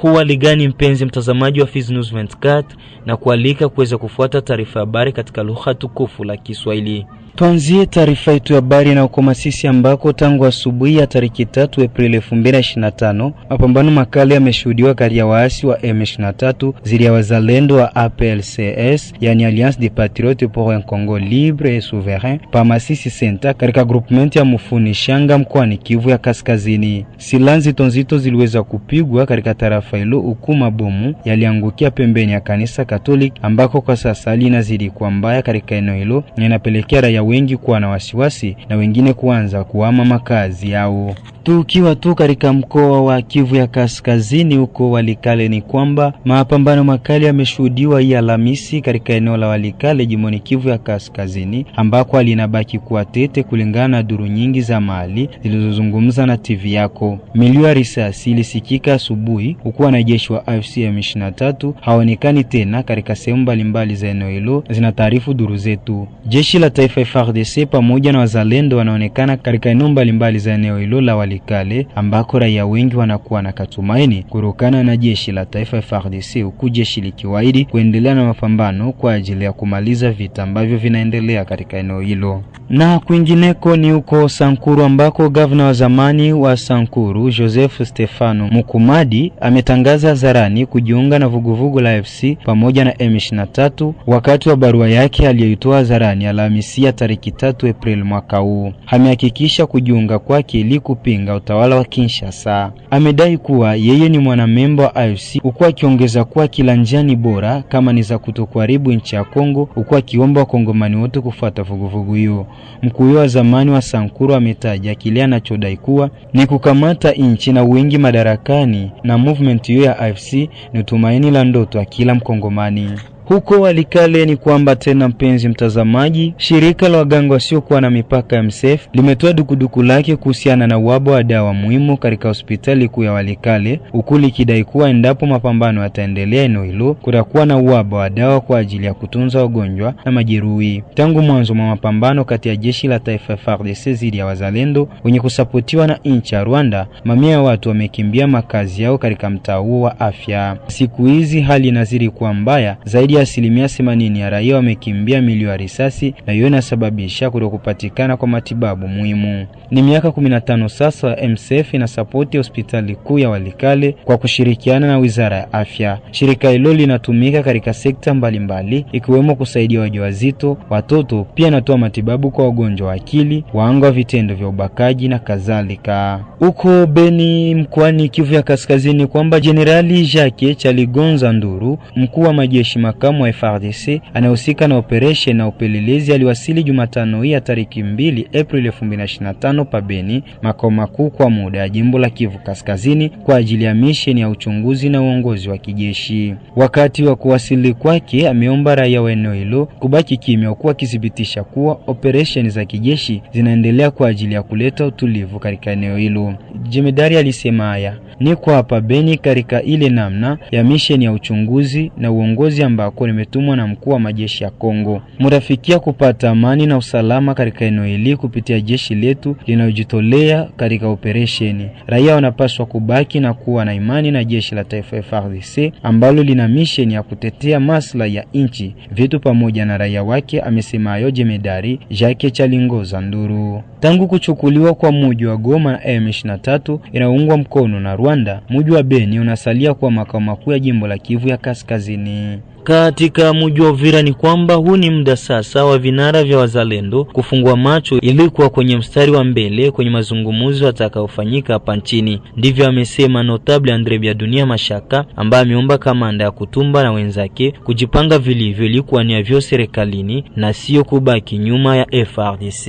Hu ligani mpenzi mtazamaji wa Fizi News 24, na kualika kuweza kufuata taarifa habari katika lugha tukufu la Kiswahili. Tuanzie taarifa yetu ya habari na uko Masisi ambako tangu asubuhi ya tariki 3 Aprili 2025 mapambano makali yameshuhudiwa kati ya waasi wa M23 dhidi ya wazalendo wa APLCS, yani Alliance des Patriotes pour un Congo Libre et Souverain pa Masisi Center katika groupement ya Mufuni Shanga mkoani Kivu ya Kaskazini. Silaha nzito nzito ziliweza kupigwa katika tarafa hilo, huku mabomu yaliangukia pembeni ya kanisa Katoliki ambako kwa sasa linazidi kuwa mbaya katika eneo hilo na inapelekea wengi kuwa na wasiwasi na wengine kuanza kuhama makazi yao. Tukiwa tu katika mkoa wa Kivu ya Kaskazini, huko Walikale, ni kwamba mapambano makali yameshuhudiwa hii Alhamisi katika eneo la Walikale jimboni Kivu ya Kaskazini, ambako alinabaki kuwa tete kulingana na duru nyingi za mali zilizozungumza na TV yako. Milio ya risasi ilisikika asubuhi, huku wanajeshi wa AFC M23 tena katika sehemu mbalimbali za eneo hilo, zina taarifu duru zetu. Jeshi la taifa FARDC pamoja na wazalendo wanaonekana katika eneo mbalimbali za eneo hilo la Walikale ambako raia wengi wanakuwa na katumaini kutokana na jeshi la taifa ya FARDC, huku jeshi likiwaidi kuendelea na mapambano kwa ajili ya kumaliza vita ambavyo vinaendelea katika eneo hilo. Na kwingineko ni huko Sankuru ambako gavana wa zamani wa Sankuru Joseph Stefano Mukumadi ametangaza hadharani kujiunga na vuguvugu la FC pamoja na M23 wakati wa barua yake aliyoitoa hadharani Alhamisi tariki 3 Aprili mwaka huu. Amehakikisha kujiunga kwake ili kupinga utawala wa Kinshasa. Amedai kuwa yeye ni mwanamemba wa IOC, huku akiongeza kuwa kila njia ni bora kama ni za kutokuharibu nchi ya Kongo, huku akiomba wakongomani wote kufuata vuguvugu hiyo. Mkuu huyo wa zamani wa Sankuru ametaja kile anachodai kuwa ni kukamata nchi na wingi madarakani na movement hiyo ya IFC ni tumaini la ndoto ya kila Mkongomani. Huko Walikale ni kwamba tena, mpenzi mtazamaji, shirika la waganga wasiokuwa na mipaka ya MSF limetoa dukuduku lake kuhusiana na uhaba wa dawa muhimu katika hospitali kuu ya Walikale, huku likidai kuwa endapo mapambano yataendelea eneo hilo, kutakuwa na uhaba wa dawa kwa ajili ya kutunza wagonjwa na majeruhi. Tangu mwanzo mwa mapambano kati ya jeshi la taifa FARDC dhidi ya wazalendo wenye kusapotiwa na nchi ya Rwanda, mamia ya watu wamekimbia makazi yao katika mtaa huo wa afya. Siku hizi hali inazidi kuwa mbaya zaidi asilimia 80 ya raia wamekimbia milio ya risasi na hiyo inasababisha kutokupatikana kwa matibabu muhimu. Ni miaka 15 sasa MSF inasapoti hospitali kuu ya Walikale kwa kushirikiana na Wizara ya Afya. Shirika hilo linatumika katika sekta mbalimbali ikiwemo kusaidia wajawazito, watoto, pia inatoa matibabu kwa wagonjwa wa akili, waanga wa vitendo vya ubakaji na kadhalika. Huko Beni mkoani Kivu ya Kaskazini kwamba Jenerali Jacques Chaligonza Nduru mkuu wa majeshi makamu wa FRDC anayehusika na operation na upelelezi aliwasili Jumatano hii ya tariki mbili Aprili 2025 pa Beni, makao makuu kwa muda ya jimbo la Kivu Kaskazini kwa ajili ya misheni ya uchunguzi na uongozi wa kijeshi. Wakati wa kuwasili kwake, ameomba raia wa eneo hilo kubaki kimya, huku akithibitisha kuwa operesheni za kijeshi zinaendelea kwa ajili ya kuleta utulivu katika eneo hilo. Jemedari alisema haya ni kwa hapa Beni katika ile namna ya misheni ya uchunguzi na uongozi ambao ambako nimetumwa na mkuu wa majeshi ya Kongo. mutafikia kupata amani na usalama katika eneo hili kupitia jeshi letu linalojitolea katika operesheni. Raia wanapaswa kubaki na kuwa na imani na jeshi la taifa FARDC ambalo lina misheni ya kutetea maslahi ya nchi, vitu pamoja na raia wake, amesema hayo jemedari Jacques Chalingoza Nduru. Tangu kuchukuliwa kwa muji wa Goma na M23 inaungwa mkono na Rwanda, muji wa Beni unasalia kuwa makao makuu ya jimbo la Kivu ya Kaskazini katika mji wa Uvira ni kwamba huu ni muda sasa wa vinara vya wazalendo kufungua macho ili kuwa kwenye mstari wa mbele kwenye mazungumzo yatakayofanyika hapa nchini. Ndivyo amesema notable Andre Bia Dunia Mashaka ambaye ameomba kamanda ya Kutumba na wenzake kujipanga vilivyo ili kuwania vyo serikalini na siyo kubaki nyuma ya FRDC.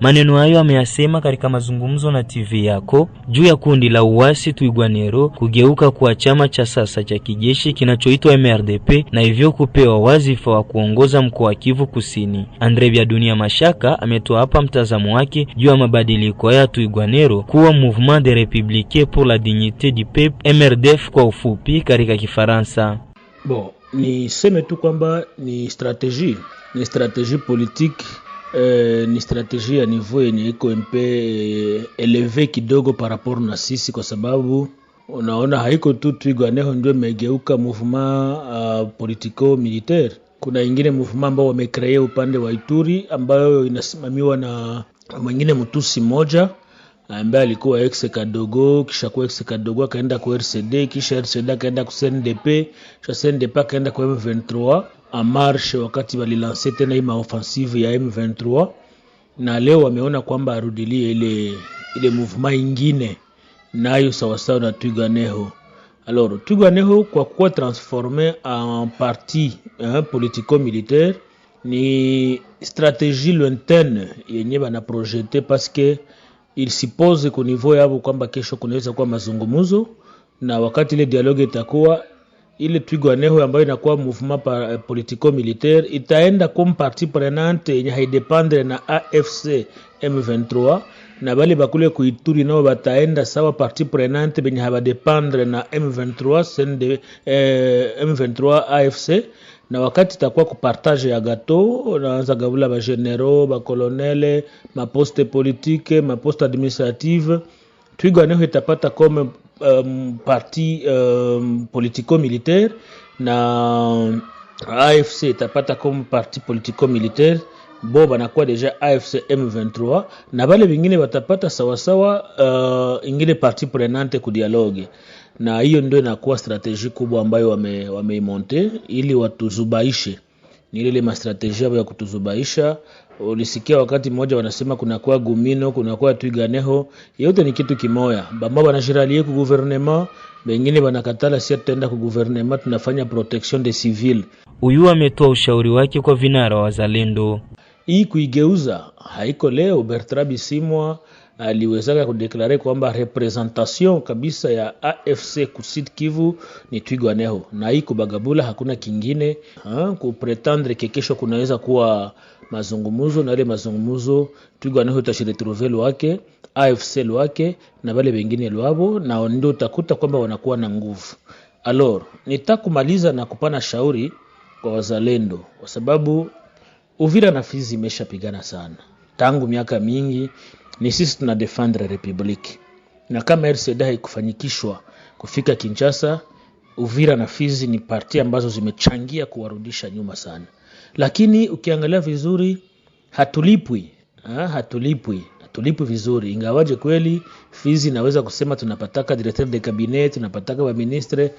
Maneno hayo ameyasema katika mazungumzo na TV yako juu ya kundi la uasi Twigwanero kugeuka kuwa chama cha sasa cha kijeshi kinachoitwa MRDP na hivyo alivyokupewa wazifa wa kuongoza mkoa wa Kivu Kusini. Andre vya Dunia Mashaka ametoa hapa mtazamo wake juu ya mabadiliko ya Twigwanero kuwa Mouvement de Republicain pour la Dignité du Peuple MRDF kwa ufupi katika Kifaransa. Bon, niseme tu kwamba ni strategie ni strategie politique Eh, ni strategie ya niveau yenye iko mpe eleve euh, kidogo par rapport na sisi, kwa sababu unaona haiko tu Twirwaneho ndio imegeuka mouvement uh, ah, politico militaire. Kuna ingine mouvement ambao wamekree upande wa Ituri ambayo inasimamiwa na mwingine mtusi moja ambaye alikuwa ex Kadogo, kisha kwa ex Kadogo akaenda kwa RCD, kisha RCD akaenda kwa CNDP, kisha CNDP akaenda kwa M23 amarshe, wakati walilanse tena hii maoffensive ya M23, na leo wameona kwamba arudilie ile ile movement ingine nayo sawasawa na Twiga Neho. Alors Twiga Neho kwa kuwa transforme en parti politico-militaire ni strategie lointaine yenye bana projete paske il suppose ku niveau yao kwamba kesho kunaweza kuwa mazungumzo, na wakati ile dialogue itakuwa ile Twiga Neho ambayo inakuwa mouvement euh, politico militaire itaenda comme partie prenante yenye haidependre na AFC M23 na bale bakule kuituri nao bataenda sawa parti prenante benye habadependre na M23 CND, eh, M23 AFC na wakati takuwa kupartage ya gato naanza gavula bagenero bakolonele maposte politike maposte administrative twigo aneho itapata kome um, euh, parti um, politico militaire na AFC itapata kome parti politico militaire bo banakuwa deja AFC M23 na bale bingine batapata sawasawa, uh, ingine parti prenante ku dialogue na hiyo, ndio inakuwa strateji kubwa ambayo wameimonte wame ili watuzubaishe, ni ile mastrateji yao ya kutuzubaisha. Ulisikia wakati mmoja wanasema kunakuwa gumino, kunakuwa twiganeho, yote ni kitu kimoya, bamba banashiralie ku gouvernement bengine banakatala, si tutaenda ku gouvernement, tunafanya protection de civil. Huyu ametoa ushauri wake kwa vinara wa wazalendo hii kuigeuza haiko leo. Bertrand Bisimwa aliwezaka kudeklare kwamba representation kabisa ya AFC Kusud Kivu ni neho na hii kubagabula, hakuna kingine ha, kupretendre kekesho kunaweza kuwa mazungumuzo na ile mazungumuzo neho utashiretrouve lwake AFC lwake na wale wengine lwabo, na ndio utakuta kwamba wanakuwa na nguvu. Alors nitakumaliza na kupana shauri kwa wazalendo kwa sababu Uvira na Fizi imeshapigana sana tangu miaka mingi, ni sisi tuna defendre republiki, na kama RCD haikufanyikishwa kufika Kinshasa, Uvira na Fizi ni parti ambazo zimechangia kuwarudisha nyuma sana, lakini ukiangalia vizuri hatulipwi ha, hatulipwi tulipe vizuri, ingawaje kweli Fizi naweza kusema tunapataka directeur de cabinet, tunapataka wa ministre,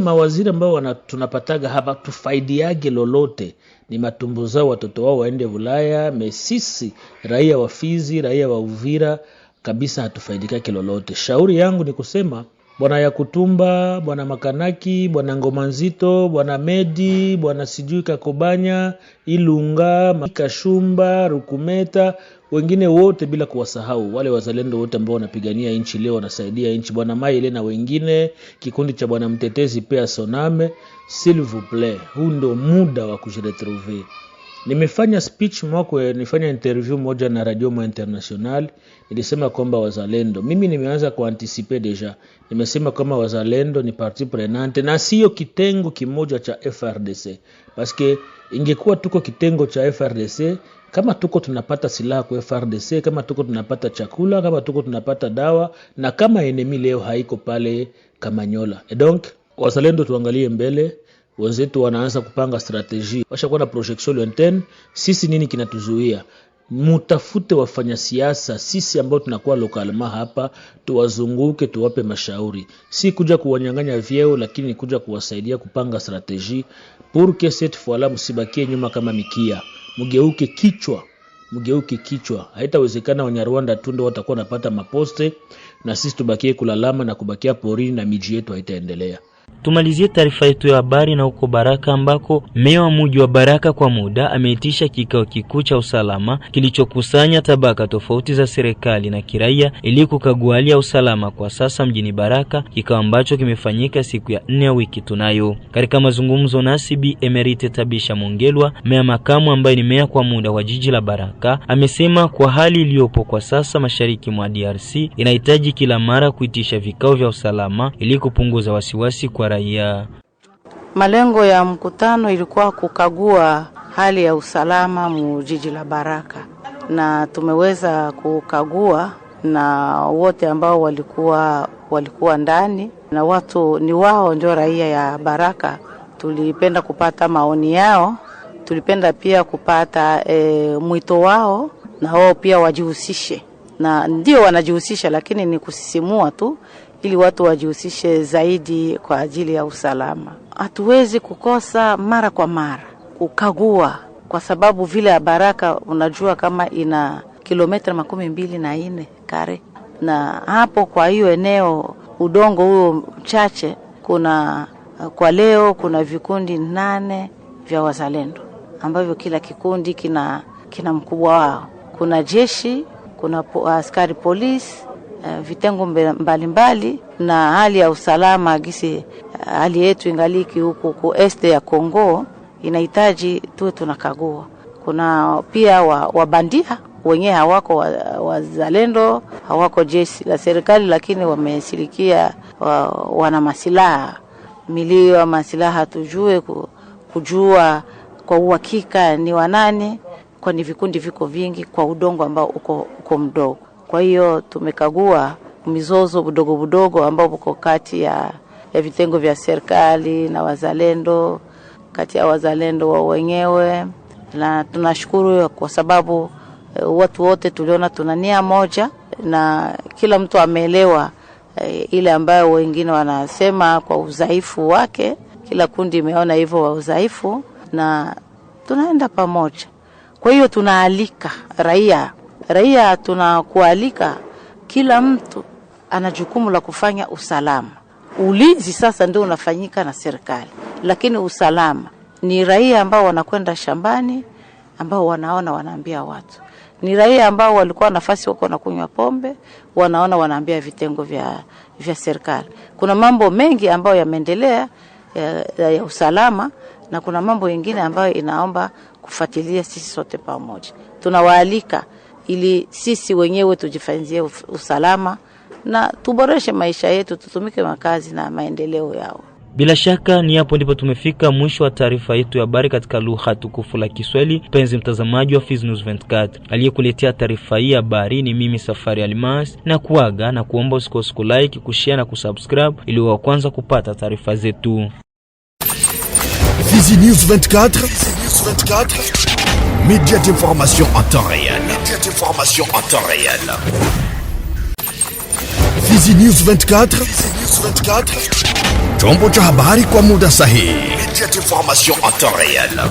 mawaziri ambao tunapataga hapa tufaidiage lolote ni matumbo zao, watoto wao waende Ulaya. Mesisi raia wa Fizi, raia wa Uvira kabisa hatufaidikake lolote. Shauri yangu ni kusema bwana Yakutumba, bwana Makanaki, bwana Ngoma Nzito, bwana Medi, bwana sijui Kakobanya, Ilunga, Kashumba, Rukumeta, wengine wote bila kuwasahau wale wazalendo wote ambao wanapigania nchi leo, wanasaidia nchi, bwana Maile na wengine, kikundi cha bwana mtetezi Pea Soname, s'il huu ndio muda wa kujiretrouver. Nimefanya speech mwako nifanya interview moja na Radio Mo International, nilisema kwamba wazalendo, mimi nimeanza kuantisipe deja, nimesema kwamba wazalendo ni parti prenante na sio kitengo kimoja cha FRDC, paske ingekuwa tuko kitengo cha FRDC kama tuko tunapata silaha kwa FRDC, kama tuko tunapata chakula, kama tuko tunapata dawa, na kama enemi leo haiko pale Kamanyola. E donc wazalendo, tuangalie mbele wenzetu wanaanza kupanga strateji, washakuwa na projection lointaine. Sisi nini kinatuzuia? Mutafute wafanya siasa sisi ambao tunakuwa lokalma hapa, tuwazunguke, tuwape mashauri, si kuja kuwanyang'anya vyeo, lakini ni kuja kuwasaidia kupanga strateji purke set fala. Msibakie nyuma kama mikia, mgeuke kichwa, mgeuke kichwa. Haitawezekana Wanyarwanda tu ndo watakuwa wanapata maposte na sisi tubakie kulalama na kubakia porini na miji yetu haitaendelea. Tumalizie taarifa yetu ya habari na huko Baraka ambako meya wa muji wa Baraka kwa muda ameitisha kikao kikuu cha usalama kilichokusanya tabaka tofauti za serikali na kiraia ili kukagua hali ya usalama kwa sasa mjini Baraka, kikao ambacho kimefanyika siku ya nne ya wiki tunayo. Katika mazungumzo nasi Bi Emerite Tabisha Mongelwa, meya makamu ambaye ni meya kwa muda wa jiji la Baraka, amesema kwa hali iliyopo kwa sasa mashariki mwa DRC inahitaji kila mara kuitisha vikao vya usalama ili kupunguza wasiwasi kwa raia. Malengo ya mkutano ilikuwa kukagua hali ya usalama mu jiji la Baraka, na tumeweza kukagua na wote ambao walikuwa walikuwa ndani na watu ni wao ndio raia ya Baraka. Tulipenda kupata maoni yao, tulipenda pia kupata e, mwito wao, na wao pia wajihusishe, na ndio wanajihusisha, lakini ni kusisimua tu ili watu wajihusishe zaidi kwa ajili ya usalama. Hatuwezi kukosa mara kwa mara kukagua, kwa sababu vile ya Baraka unajua kama ina kilomita makumi mbili na nne kare, na hapo kwa hiyo eneo udongo huo mchache, kuna uh, kwa leo kuna vikundi nane vya wazalendo ambavyo kila kikundi kina, kina mkubwa wao. Kuna jeshi, kuna askari polisi Eh, vitengo mbalimbali mbali, na hali ya usalama gisi eh, hali yetu ingaliki huku ku este ya Kongo inahitaji tuwe tunakagua. Kuna pia wabandia wa wenyewe hawako wazalendo wa hawako jeshi la serikali, lakini wameshirikia wa, wana masilaha milio ya masilaha, tujue kujua kwa uhakika ni wanani, kwani vikundi viko vingi kwa udongo ambao uko, uko mdogo. Kwa hiyo tumekagua mizozo budogo budogo ambao uko kati ya, ya vitengo vya serikali na wazalendo, kati ya wazalendo wao wenyewe, na tunashukuru kwa sababu eh, watu wote tuliona tuna nia moja na kila mtu ameelewa eh, ile ambayo wengine wanasema kwa udhaifu wake. Kila kundi imeona hivyo wa udhaifu, na tunaenda pamoja. Kwa hiyo tunaalika raia Raia tunakualika, kila mtu ana jukumu la kufanya usalama. Ulinzi sasa ndio unafanyika na serikali, lakini usalama ni raia ambao wanakwenda shambani, ambao wanaona wanaambia watu, ni raia ambao walikuwa nafasi wako kunywa pombe, wanaona wanaambia vitengo vya, vya serikali. Kuna mambo mengi ambayo yameendelea ya, ya, ya usalama na kuna mambo mengine ambayo inaomba kufuatilia sisi sote pamoja, tunawaalika ili sisi wenyewe tujifanzie usalama na tuboreshe maisha yetu, tutumike makazi na maendeleo yao. Bila shaka ni hapo ndipo tumefika mwisho wa taarifa yetu ya habari katika lugha tukufu la Kiswahili. Mpenzi mtazamaji wa Fizi News 24, aliyekuletea taarifa hii habari ni mimi Safari Almas, na kuaga na kuomba usikose kulike, kushare na kusubscribe ili wa kwanza kupata taarifa zetu. Fizi News 24, Fizi News 24, media d'information en temps réel cette information en temps réel. Fizi News 24, Fizi News 24, chombo cha habari kwa muda sahihi, information en temps réel.